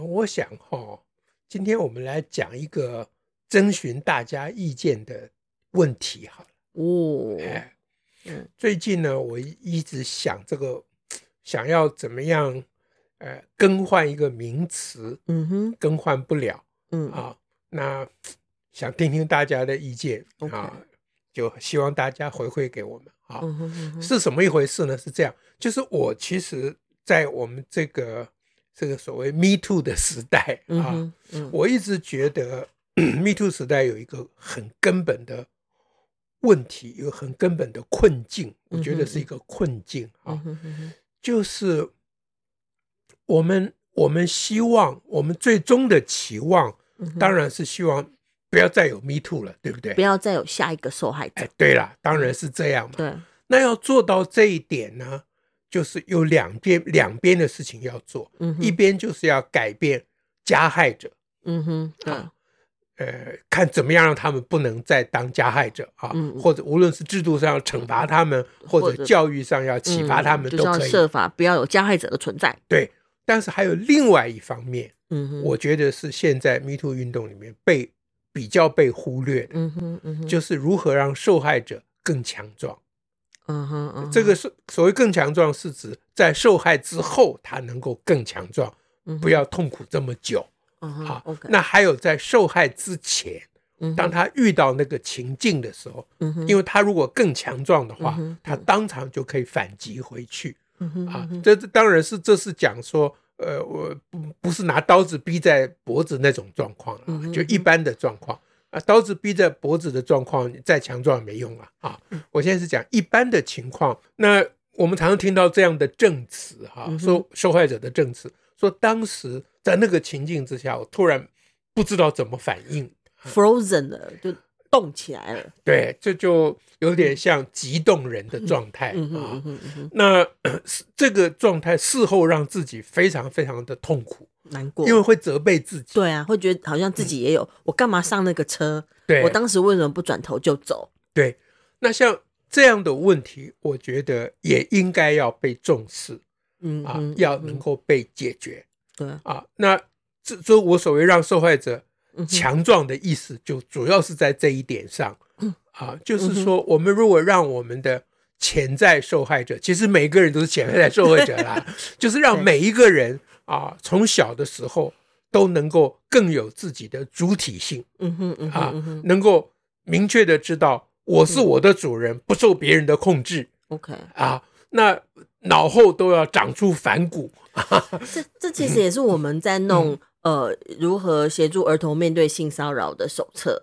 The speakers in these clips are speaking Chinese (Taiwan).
我想今天我們來講一個徵詢大家意見的問題，哦、嗯。最近呢，我一直想這個，想要怎麼樣？呃、更換一個名詞，嗯哼，更換不了，嗯、啊、那想聽聽大家的意見啊，okay. 就希望大家回饋給我們啊嗯哼嗯哼。是什麼一回事呢？是這樣，就是我其實，在我們這個。這個所謂 “Me Too” 的時代啊、嗯嗯，我一直覺得 “Me Too” 時代有一個很根本的問題，有很根本的困境。我覺得是一個困境啊、嗯嗯嗯，就是我們我們希望我們最終的期望、嗯，當然是希望不要再有 “Me Too” 了，對不對？不要再有下一個受害者。哎、對了，當然是這樣嘛。對，那要做到這一點呢？就是有兩邊兩邊的事情要做，嗯，一邊就是要改變加害者，嗯哼啊、呃，看怎麼樣讓他們不能再當加害者啊、嗯，或者無論是制度上要懲罰他們或，或者教育上要啟發他們，都可以、嗯、設法不要有加害者的存在。對，但是還有另外一方面，嗯哼，我覺得是現在 MeToo 運動裡面被比較被忽略的，嗯哼嗯哼，就是如何讓受害者更強壯。嗯哼，嗯哼。這個是所謂更強壯，是指在受害之後他能夠更強壯，嗯哼。不要痛苦這麼久。嗯哼，好，啊。Okay. 那還有在受害之前，嗯哼。當他遇到那個情境的時候，嗯哼，因為他如果更強壯的話，嗯哼。他當場就可以反擊回去。嗯哼，啊，這當然是這是講說，呃，我不不是拿刀子逼在脖子那種狀況，嗯哼。啊，就一般的狀況。刀子逼在脖子的狀況，再強壯也沒用了啊，啊，我現在是講一般的情況。那我們常常聽到這樣的證詞哈、啊，說受害者的證詞，說當時在那個情境之下，我突然不知道怎麼反應，frozen 了，就凍起來了。對，這就有點像漸凍人的狀態啊。 那這個狀態事後讓自己非常非常的痛苦。難過，因為會責備自己。對啊，會覺得好像自己也有，嗯、我幹嘛上那個車？對，我當時為什麼不轉頭就走？對，那像這樣的問題，我覺得也應該要被重視，嗯啊嗯，要能夠被解決。嗯、啊對啊，啊那這所以我所謂讓受害者強壯的意思，就主要是在這一點上、嗯、啊、嗯，就是說，我們如果讓我們的潛在受害者，嗯、其實每個人都是潛在受害者啦， 就是讓每一個人。啊，從小的時候都能夠更有自己的主體性，嗯哼嗯哼、啊嗯哼，能夠明確的知道我是我的主人，嗯、不受別人的控制、嗯啊。OK，啊，那腦後都要長出反骨。啊、哈哈這這其實也是我們在弄、嗯、呃如何協助兒童面對性騷擾的手冊，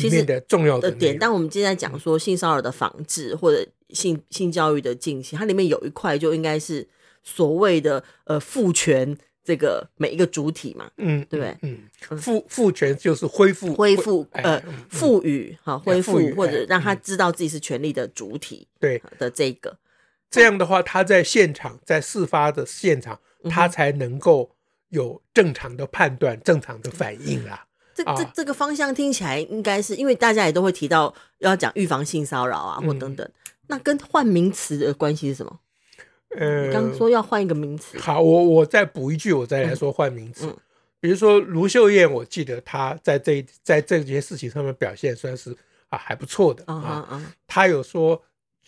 裡面的重要的點。但我們今天在講說性騷擾的防治或者性、嗯、性教育的進行，它裡面有一塊就應該是。所謂的呃賦權，這個每一個主體嘛，嗯，對，嗯，賦賦權就是恢復恢復、欸嗯、呃賦予哈恢復、欸、或者讓他知道自己是權利的主體，對、欸嗯、的這個這樣的話，他在現場在事發的現場，嗯、他才能夠有正常的判斷正常的反應啊。嗯嗯、啊這這這個方向聽起來應該是因為大家也都會提到要講預防性騷擾啊或等等，嗯、那跟換名詞的關係是什麼？呃、嗯，你剛剛說要換一個名詞。好，我我再補一句，我再來說換名詞。嗯嗯、比如說盧秀燕，我記得她在這在這件事情上面表現算是啊還不錯的啊啊，她、嗯嗯嗯、有說，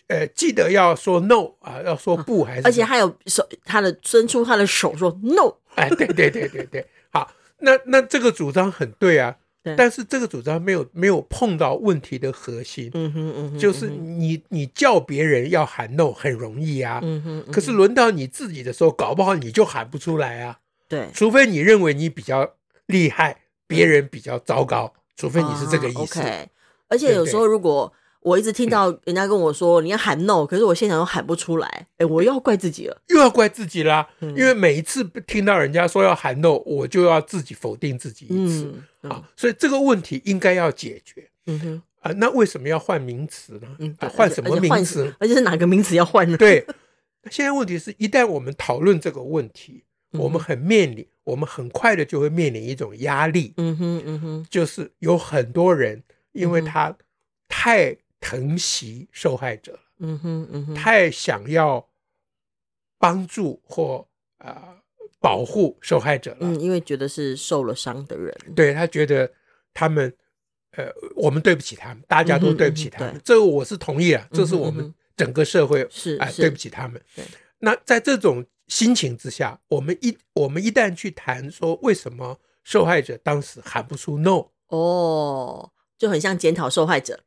呃，記得要說 no 啊，要說不，啊、還是而且還有說她的伸出她的手說 no， 哎，對對對對對，好，那那這個主張很對啊。但是這個主張沒有沒有碰到問題的核心，嗯哼嗯哼嗯哼嗯哼，就是你你叫別人要喊 no 很容易啊，嗯哼嗯哼，可是輪到你自己的時候，搞不好你就喊不出來啊，對，除非你認為你比較厲害，嗯、別人比較糟糕，除非你是這個意思、啊、對對，而且有時候如果。我一直聽到人家跟我說你要喊 no，、嗯、可是我現場又喊不出來，哎、欸，我又要怪自己了，又要怪自己啦、嗯，因為每一次聽到人家說要喊 no，我就要自己否定自己一次、嗯嗯、啊，所以這個問題應該要解決。啊、嗯呃，那為什麼要換名詞呢？換、嗯、什麼名詞？而且是哪個名詞要換呢？對，現在問題是一旦我們討論這個問題，嗯、我們很面臨，我們很快的就會面臨一種壓力。嗯哼，嗯哼，就是有很多人因為他太、嗯。疼惜受害者，嗯哼，嗯哼，太想要幫助或啊、呃、保護受害者了，嗯，因為覺得是受了傷的人，對，他覺得他們，呃，我們對不起他們，大家都對不起他們，嗯嗯、這我是同意啊，這是我們整個社會、嗯嗯呃、是哎、呃、對不起他們，對。那在這種心情之下，我們一我們一旦去談說為什麼受害者當時喊不出 no，哦，就很像檢討受害者。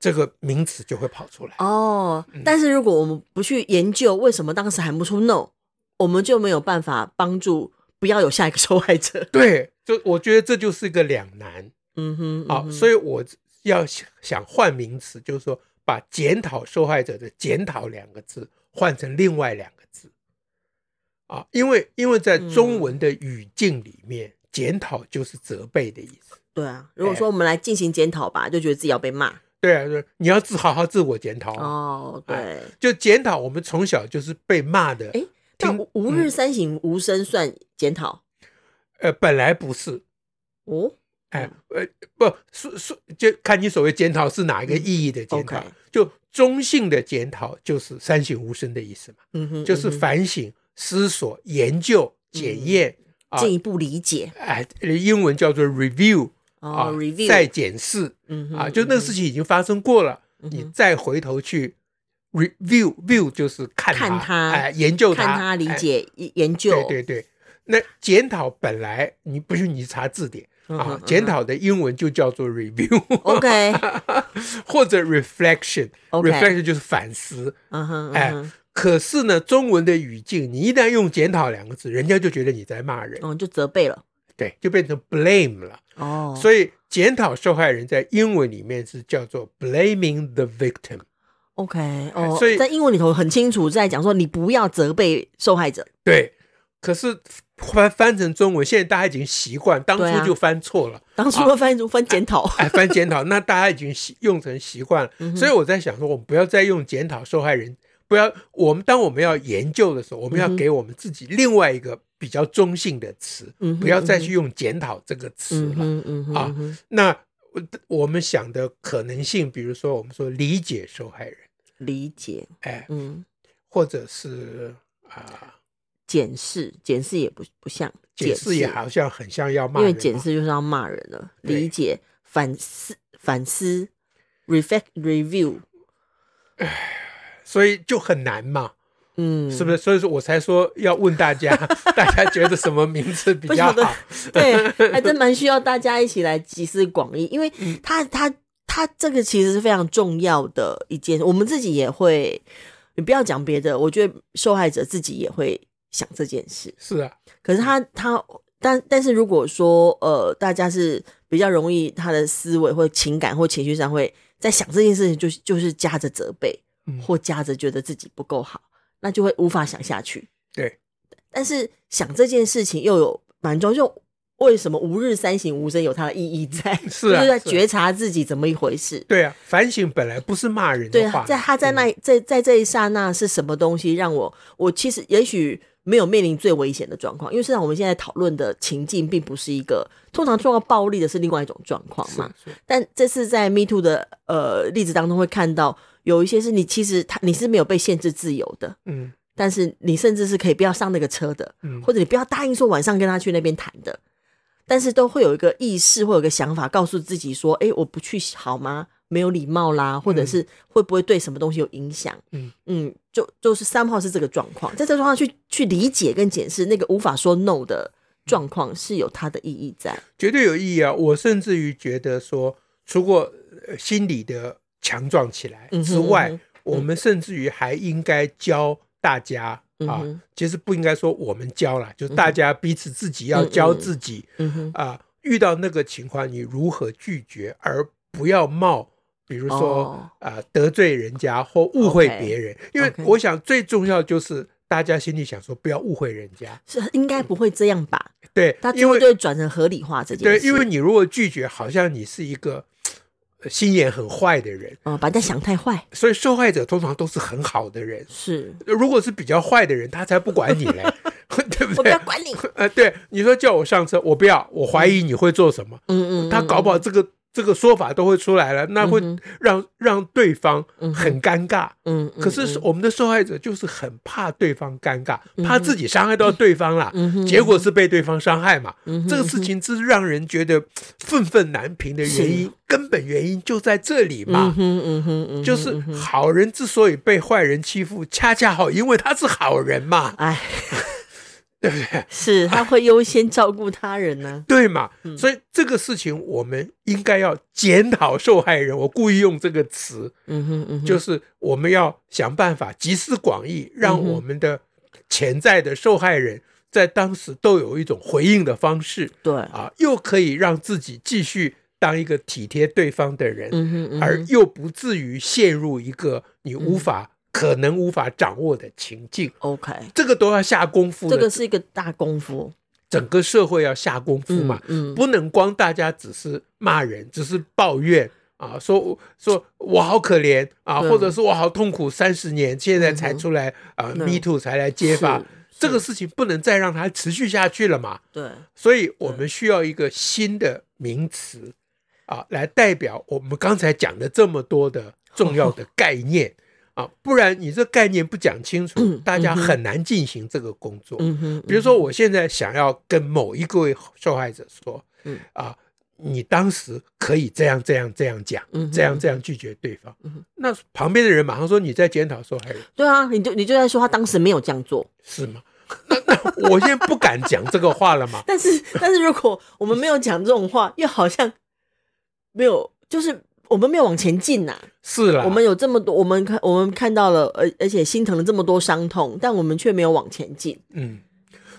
這個名詞就會跑出來哦。但是如果我們不去研究為什麼當時喊不出 “no”，、嗯、我們就沒有辦法幫助不要有下一個受害者。對，就我覺得這就是一個兩難。嗯哼，好、啊嗯，所以我要想，想換名詞，就是說把“檢討受害者”的“檢討”兩個字換成另外兩個字啊，因為因為在中文的語境裡面，“嗯、檢討”就是責備的意思。對啊，如果說我們來進行檢討吧，哎、就覺得自己要被罵。對啊，對你要自好好自我檢討哦，對、呃，就檢討我們從小就是被罵的，哎，但吾日三省吾身算檢討、嗯？呃，本來不是哦，哎、呃，呃，不是是就看你所謂檢討是哪一個意義的檢討，嗯 okay、就中性的檢討就是三省吾身的意思嘛，嗯哼，就是反省、嗯、思索、研究、檢驗、嗯、進一步理解，哎、呃呃，英文叫做 review。啊、oh，review 再檢視，嗯哼，啊，就那個事情已經發生過了，嗯、你再回頭去 review，view、嗯、就是看它，哎、呃，研究它，看他理解、呃、研究，對對對。那檢討本來你不是你查字典、嗯、啊、嗯，檢討的英文就叫做 review，OK，嗯啊 okay, 或者 reflection，reflection、okay, reflection 就是反思，嗯哼，哎、呃嗯，可是呢，中文的語境，你一旦用檢討兩個字，人家就覺得你在罵人，嗯，就責備了。對，就變成 blame 了。哦、oh,，所以檢討受害人在英文裡面是叫做 blaming the victim。OK，哦、oh,，所以在英文裡頭很清楚在講說，你不要責備受害者。對，可是翻翻成中文，現在大家已經習慣，當初就翻錯了、啊。當初會翻成翻檢討，哎、啊，翻檢討，啊啊、 那大家已經習用成習慣了。所以我在想說，我們不要再用檢討受害人，不要我們當我們要研究的時候，我們要給我們自己另外一個。 比較中性的詞，不要再去用“檢討”這個詞了、嗯嗯、啊。那我我們想的可能性，比如說我們說理解受害人，理解，哎、欸，嗯，或者是啊，呃、檢視，檢視也不不像，檢視也好像很像要罵，因為檢視就是要罵人了。理解、反思、反思、reflect、review，哎，所以就很難嘛。嗯，是不是？所以說我才說要問大家，大家覺得什麼名字比較好？ 不曉得笑對， 還真蠻需要大家一起來集思廣益，因為他，他他他這個其實是非常重要的一件。我們自己也會，你不要講別的，我覺得受害者自己也會想這件事。是啊，可是他他但但是如果說呃，大家是比較容易，他的思維或情感或情緒上會在想這件事情，就是就是夾着責備，或夾着覺得自己不夠好。那就會無法想下去。對，但是想這件事情又有蠻重要。為什麼吾日三省吾身有它的意義在？是啊，就是在覺察自己怎麼一回事。啊啊對啊，反省本來不是罵人的話對、啊。在他在那在在這一剎那是什麼東西讓我、嗯、我其實也許沒有面臨最危險的狀況，因為事實上我們現在討論的情境並不是一個通常受到暴力的，是另外一種狀況嘛。但這次在 Me Too 的呃例子當中會看到。有一些是你其實他你是沒有被限制自由的，嗯，但是你甚至是可以不要上那個車的，嗯，或者你不要答應說晚上跟他去那邊談的，嗯，但是都會有一個意識或有個想法告訴自己說，哎、欸，我不去好嗎？沒有禮貌啦，或者是會不會對什麼東西有影響？嗯，嗯，就就是三號是這個狀況，在這狀況去去理解跟解釋那個無法說 no 的狀況是有它的意義在，絕對有意義啊！我甚至於覺得說，出過、呃、心理的。強壯起來之外，嗯嗯，我們甚至於還應該教大家，嗯、啊，其實不應該說我們教啦，嗯，就是大家彼此自己要教自己。啊，嗯嗯呃，遇到那個情況，你如何拒絕，而不要冒，比如說啊，哦呃，得罪人家或誤會別人？哦，okay, 因為我想最重要就是大家心裡想說，不要誤會人家，是應該不會這樣吧？嗯，對，他因為他就會轉成合理化這件事。對，因為你如果拒絕，好像你是一個。心眼很壞的人，啊、嗯，把他想太壞，所以受害者通常都是很好的人。是，如果是比較壞的人，他才不管你嘞， 對不對？我不要管你。啊、呃，對，你說叫我上車，我不要，我懷疑你會做什麼。嗯嗯，嗯，嗯，嗯，他搞不好這個。這個說法都會出來了，那會讓、嗯、讓，讓對方很尷尬、嗯。可是我們的受害者就是很怕對方尷尬，嗯、怕自己傷害到對方了、嗯。結果是被對方傷害嘛。嗯、這個事情是讓人覺得憤憤、嗯嗯嗯嗯、難平的原因、嗯，根本原因就在這裡嘛、嗯嗯嗯。就是好人之所以被壞人欺負，恰恰好因為他是好人嘛。哎。 對不對？是他會優先照顧他人呢？啊啊，對嘛？所以這個事情我們應該要檢討受害人。我故意用這個詞，嗯哼，嗯哼，就是我們要想辦法集思廣益，讓我們的潛在的受害人，在當時都有一種回應的方式，對、嗯、啊，又可以讓自己繼續當一個體貼對方的人，嗯哼，嗯哼，而又不至於陷入一個你無法、嗯。可能無法掌握的情境，OK，這個都要下功夫。這個是一個大功夫，整個社會要下功夫嘛，嗯，嗯，不能光大家只是罵人，只是抱怨啊，說說我好可憐啊，或者是我好痛苦，三十年現在才出來啊，Me too 才來揭發這個事情，不能再讓它持續下去了嘛。對，所以我們需要一個新的名詞啊，來代表我們剛才講的這麼多的重要的概念。呵呵啊，不然你這概念不講清楚，大家很難進行這個工作。嗯嗯、比如說，我現在想要跟某一個受害者說、嗯啊，你當時可以這樣，這樣，這樣、嗯、這樣、這樣講，這樣、這樣拒絕對方。嗯嗯、那旁邊的人馬上說你在檢討受害人。對啊，你就你就在說他當時沒有這樣做，是嗎？那，那我現在不敢講這個話了嘛。但是 但是，但是如果我們沒有講這種話，又好像沒有，就是。我們沒有往前進吶、啊，是啦。我們有這麼多，我們看我們看到了，而而且心疼了這麼多傷痛，但我們卻沒有往前進。嗯，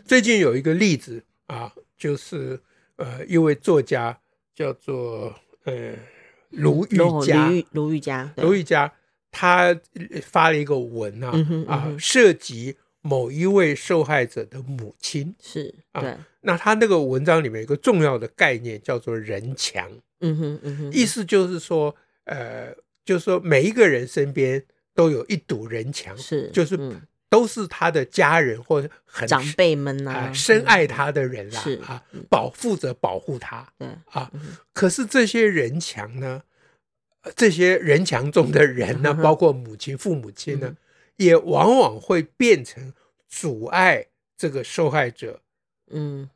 最近有一個例子啊，就是呃，一位作家叫做呃盧玉佳，盧、嗯、玉，玉佳，盧玉,玉佳，他發了一個文呢啊、嗯嗯、啊，涉及某一位受害者的母親，嗯啊、是，對。那他那個文章裡面有一個重要的概念，叫做“人牆”。嗯哼，嗯哼，意思就是說，呃，就是說，每一個人身邊都有一堵人牆，是，嗯、就是都是他的家人或者長輩們啊、呃，深愛他的人啦、啊嗯，啊，是嗯、保負責保護他，嗯啊嗯。可是這些人牆呢，這些人牆中的人呢、嗯嗯，包括母親、父母親呢、嗯嗯，也往往會變成阻礙這個受害者，嗯。嗯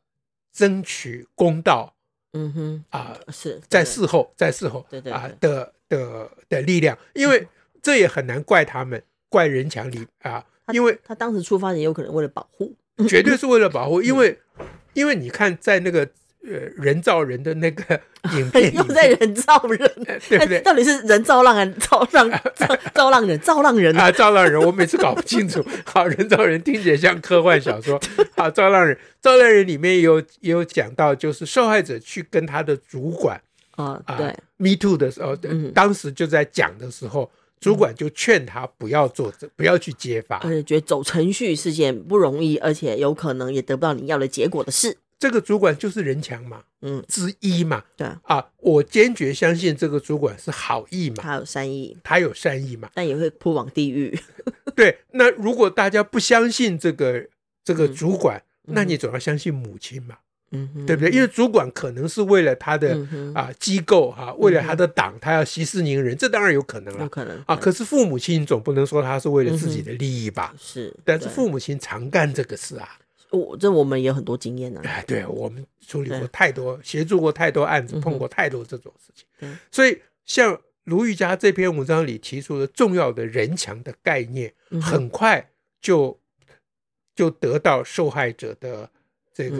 爭取公道，嗯哼啊、呃，是在事後，在事後啊對對對對、呃、的的的力量，因為這也很難怪他們，嗯、怪人牆裡啊、呃，因為他，他當時出發也有可能為了保護，絕對是為了保護，因為 因為你看在那個。呃，人造人的那個影片 又在人造人， 對不對？ 到底是人造浪、浪、浪人、造浪、造造浪人、造浪人啊？ 造、啊、浪人，我每次搞不清楚。好，人造人聽起來像科幻小說。好，造浪人，造浪人裡面有也有講到，就是受害者去跟他的主管啊， 啊、對，me too 的時候、嗯，當時就在講的時候，主管就勸他不要做，不要去揭發、嗯，而且覺得走程序是件不容易，而且有可能也得不到你要的結果的事。這個主管就是人強嘛，嗯，之一嘛，對啊，我堅決相信這個主管是好意嘛，他有善意，他有善意嘛，但也會鋪往地獄。 對，那如果大家不相信這個這個主管、嗯，那你總要相信母親嘛，嗯，對不對？嗯、因為主管可能是為了他的、嗯、啊、嗯、機構哈、啊嗯，為了他的黨，他要息事寧人，嗯、這當然有可能了，有可能啊。可是父母親總不能說他是為了自己的利益吧？嗯、是，但是父母親常幹這個事啊。我這我們有很多經驗呢，哎，對我們處理過太多，協助過太多案子，嗯，碰過太多這種事情，嗯、所以像盧郁佳這篇文章裡提出的“重要的人牆”的概念，嗯、很快就就得到受害者的這個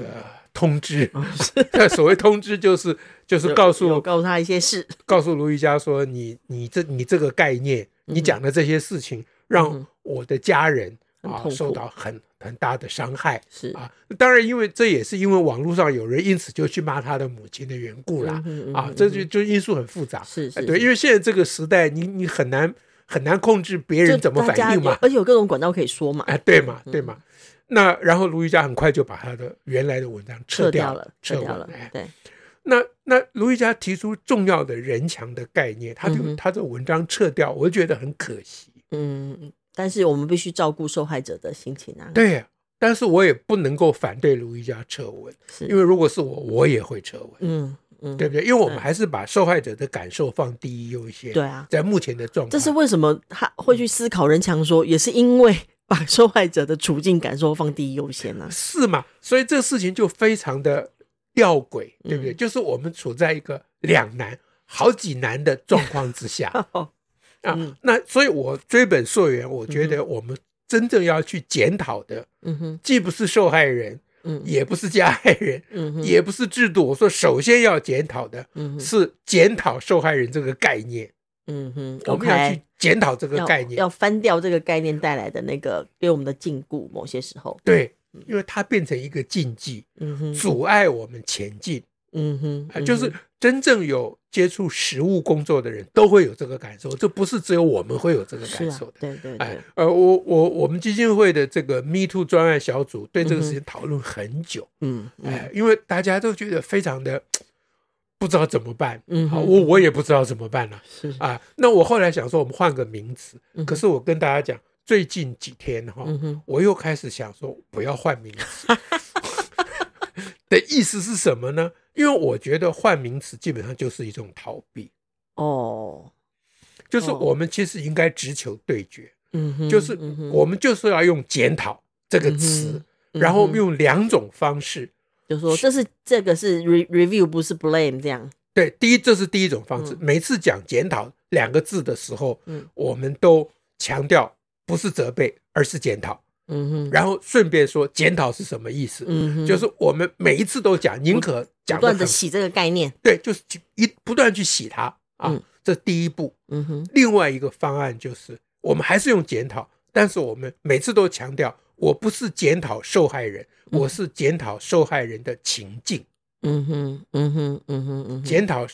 通知。嗯啊、所謂通知，就是 就是告訴告訴他一些事，告訴盧郁佳說：“你你這你這個概念，你講的這些事情，嗯、讓我的家人，嗯、啊受到很。”很大的傷害啊。是啊，當然，因為這也是因為網絡上有人因此就去罵他的母親的緣故了啊、嗯，嗯嗯啊、這就就因素很複雜，是是，是，呃、對，因為現在這個時代，你你很難很難控制別人怎麼反應嘛，而且有各種管道可以說嘛，哎，對嘛，對嘛，嗯嗯、那然後盧郁佳很快就把他的原來的文章撤掉了，撤掉了，哎、對，那那盧郁佳提出重要的人牆的概念，他就他這文章撤掉，我覺得很可惜、嗯，嗯嗯。但是我們必須照顧受害者的心情啊！對啊，但是我也不能夠反對盧一家撤文，是因為如果是我，我也會撤文。嗯嗯，對不對？因為我們還是把受害者的感受放第一優先。對啊，在目前的狀況。這是為什麼他會去思考人強說，、嗯、也是因為把受害者的處境感受放第一優先啊！是嘛？所以這個事情就非常的吊詭，對不對、嗯？就是我們處在一個兩難、好幾難的狀況之下。 哦啊，那所以，我追本溯源，我覺得我們真正要去檢討的，嗯哼，既不是受害人，嗯，也不是加害人，嗯哼，也不是制度。我說，首先要檢討的，嗯哼，是檢討受害人這個概念，嗯哼，我們要去檢討這個概念，嗯、okay, 要，要翻掉這個概念帶來的那個給我們的禁錮，某些時候、嗯，對，因為它變成一個禁忌，嗯哼，阻礙我們前進，嗯哼，嗯哼啊、就是。真正有接觸實務工作的人都會有這個感受，這不是只有我們會有這個感受的。啊、對對對，哎，呃，我我我們基金會的這個 Me Too 專案小組對這個事情討論很久，嗯，哎、呃，因為大家都覺得非常的不知道怎麼辦，嗯好，我我也不知道怎麼辦了、啊，是啊、呃，那我後來想說我們換個名字，嗯、可是我跟大家講，最近幾天哈、嗯，我又開始想說不要換名字， 的意思是什麼呢？因為我覺得換名詞基本上就是一種逃避哦，就是我們其實應該直球對決，嗯哼，就是我們就是要用“檢討”這個詞，然後用兩種方式，就說這是這個是 review，不是 blame 這樣，對，第一，這是第一種方式，每次講“檢討”兩個字的時候，嗯，我們都強調不是責備，而是檢討。嗯哼，然後順便說，檢討是什麼意思？嗯哼，就是我們每一次都講，寧可講，不斷的洗這個概念，對，就是一不斷去洗它啊、嗯，這第一步。嗯哼，另外一個方案就是，我們還是用檢討，但是我們每次都強調，我不是檢討受害人，嗯、我是檢討受害人的情境。嗯哼，嗯哼，嗯哼，嗯哼，檢討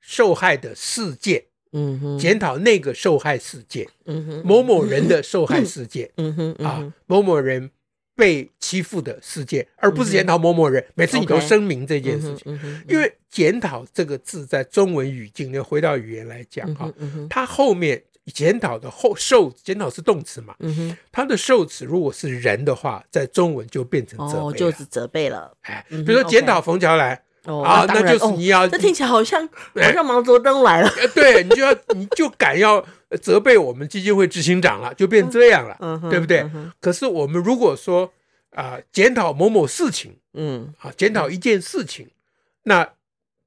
受害的世界。嗯哼，檢討那個受害事件，嗯哼，某某人的受害事件，嗯哼，嗯哼啊、嗯哼，某某人被欺負的事件，嗯、而不是檢討某某人、嗯。每次你都聲明這件事情，嗯嗯嗯、因為“檢討”這個字在中文語境，你回到語言來講哈、啊嗯，它後面“檢討”的後受“檢討”是動詞嘛，嗯哼，它的受詞如果是人的話，在中文就變成責備、哦，就是責備了。哎，嗯、比如說檢討馮喬蘭、嗯。嗯哦、啊啊，那就是你要,、哦、你要，這聽起來好像好像毛澤東來了，對你就要 你就敢要責備我們基金會執行長了，就變這樣了，嗯、對不對、嗯嗯？可是我們如果說啊、呃、檢討某某事情，嗯啊檢討一件事情、嗯，那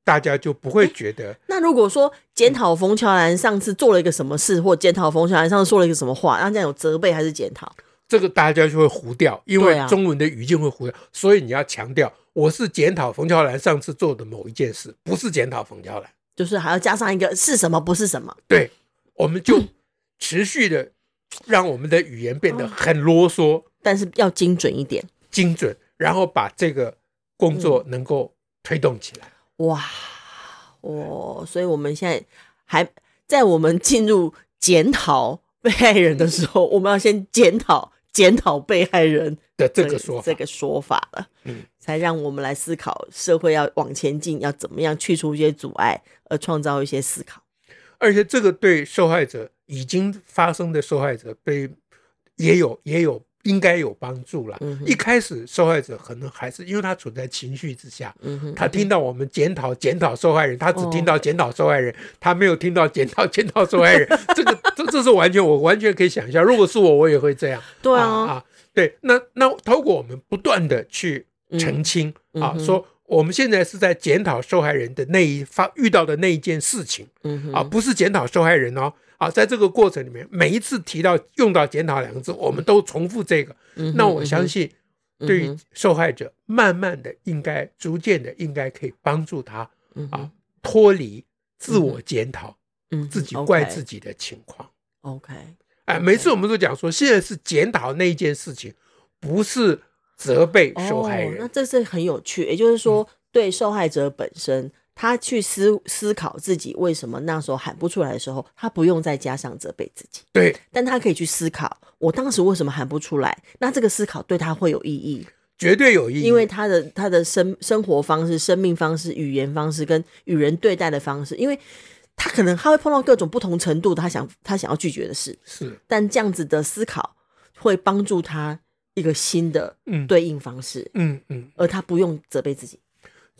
大家就不會覺得。嗯、那如果說檢討馮喬蘭上次做了一個什麼事，或檢討馮喬蘭上次說了一個什麼話，那這樣有責備還是檢討？這個大家就會糊掉，因為中文的語境會糊掉，啊、所以你要強調我是檢討馮嬌蘭上次做的某一件事，不是檢討馮嬌蘭，就是還要加上一個是什麼不是什麼。對，我們就持續的讓我們的語言變得很囉嗦，嗯哦、但是要精準一點，精準，然後把這個工作能夠推動起來。嗯、哇，哦，所以我們現在還在我們進入檢討被害人的時候，我們要先檢討。檢討被害人的這個說法，這個說法了，嗯，才讓我們來思考社會要往前進，要怎麼樣去除一些阻礙，而創造一些思考。而且，這個對受害者，已經發生的受害者對，也有，也有。也有應該有幫助了。一開始受害者可能還是因為他處在情緒之下，他聽到我們檢討檢討受害人，他只聽到檢討受害人，哦、他沒有聽到檢討檢討受害人、 這個。這個這這是完全我完全可以想象，如果是我，我也會這樣。對啊，啊，啊，對，那那透過我們不斷的去澄清啊，說我們現在是在檢討受害人的那一方遇到的那一件事情啊，不是檢討受害人哦。啊，在這個過程裡面，每一次提到用到“檢討”兩個字，我們都重複這個。嗯、那我相信，對於受害者，慢慢的應該、嗯，逐漸的應該可以幫助他啊脫離自我檢討、嗯，自己怪自己的情況、嗯。OK。哎，每次我們都講說，現在是檢討那一件事情，不是責備受害人。哦、那這是很有趣，也就是說，對受害者本身。他去思思考自己為什麼那時候喊不出來的時候，他不用再加上責備自己。對，但他可以去思考，我當時為什麼喊不出來？那這個思考對他會有意義？絕對有意義，因為他的他的生生活方式、生命方式、語言方式跟與人對待的方式，因為他可能他會碰到各種不同程度的，他想他想要拒絕的事。是，但這樣子的思考會幫助他一個新的對應方式。嗯嗯，嗯，而他不用責備自己。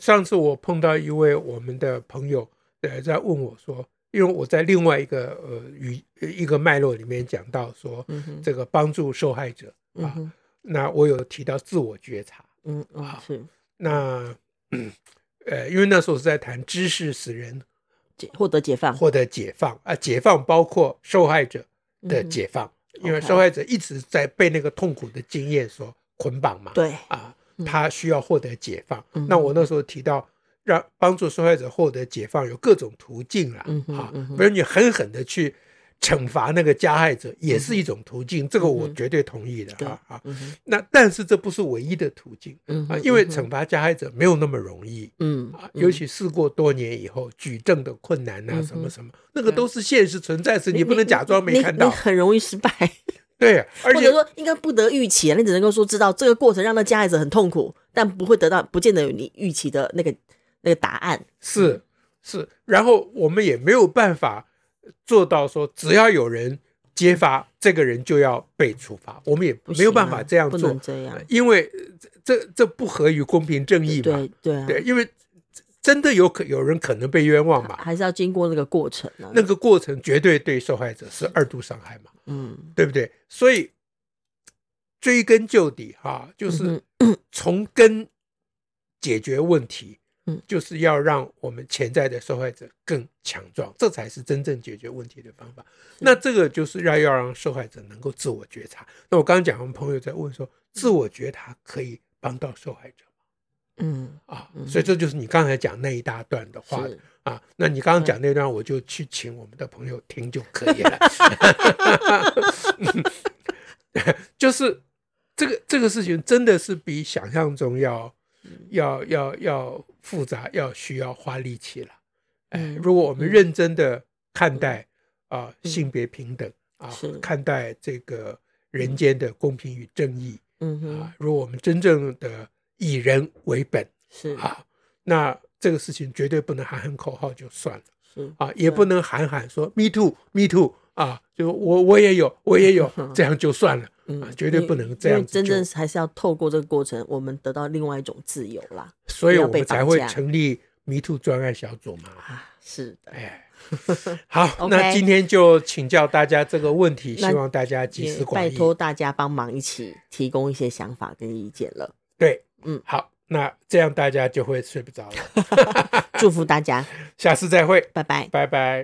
上次我碰到一位我們的朋友，呃，在問我說，因為我在另外一個呃語一個脈絡裡面講到說，嗯、這個幫助受害者、嗯、啊，那我有提到自我覺察，嗯啊是，那呃，因為那時候是在談知識使人，解獲得解放，獲得解放啊，解放包括受害者的解放、嗯，因為受害者一直在被那個痛苦的經驗所捆綁嘛，對啊。他需要獲得解放。那我那時候提到，讓幫助受害者獲得解放有各種途徑了、嗯嗯，啊，不是你狠狠的去懲罰那個加害者、嗯、也是一種途徑、嗯，這個我絕對同意的，嗯、啊、嗯、啊。那但是這不是唯一的途徑、嗯、啊，因為懲罰加害者沒有那麼容易，嗯啊，尤其事過多年以後，舉證的困難啊，嗯、什麼什麼、嗯，那個都是現實存在，是、嗯嗯嗯，你不能假裝沒看到你你，你很容易失敗。對、啊，而且，或者說應該不得預期啊,你只能夠說知道這個過程讓那加害者很痛苦,但不會得到不見得有你預期的那個那個答案。是是，然後我們也沒有辦法做到說，只要有人揭發，這個人就要被處罰，我們也沒有辦法這樣做，不行啊，不能這樣，因為這這不合於公平正義嘛？對對對啊，對，因為。真的有可有人可能被冤枉嘛。還是要經過那個過程、啊、那個過程絕對對受害者是二度傷害嘛，嗯，對不對？所以追根究底，哈，就是從根解決問題，就是要讓我們潛在的受害者更強壯，這才是真正解決問題的方法。那這個就是要要讓受害者能夠自我覺察。那我剛剛講，我們朋友在問說，自我覺察可以幫到受害者。嗯，嗯啊，所以這就是你剛才講那一大段的話的啊。那你剛剛講那段，我就去請我們的朋友聽就可以了。嗯、 就是這個這個事情，真的是比想象中要要要要複雜，要需要花力氣了。哎，如果我們認真的看待、嗯、啊、嗯、性別平等、嗯、啊，看待這個人間的公平與正義，嗯、啊，如果我們真正的。以人為本是啊，那這個事情絕對不能喊喊口號就算了，是，是啊，也不能喊喊說 “me too me too” 啊，就我我也有我也有呵呵，這樣就算了，嗯啊、絕對不能這樣。真正還是要透過這個過程，我們得到另外一種自由啦。所以我們才會成立 “me too” 專案小組嘛、啊。是的，哎， 好， okay. 那今天就請教大家這個問題，希望大家集思廣益。拜托大家幫忙一起提供一些想法跟意見了。對。嗯，好，那這樣大家就會睡不着了。 祝福大家，下次再會，拜拜，拜拜。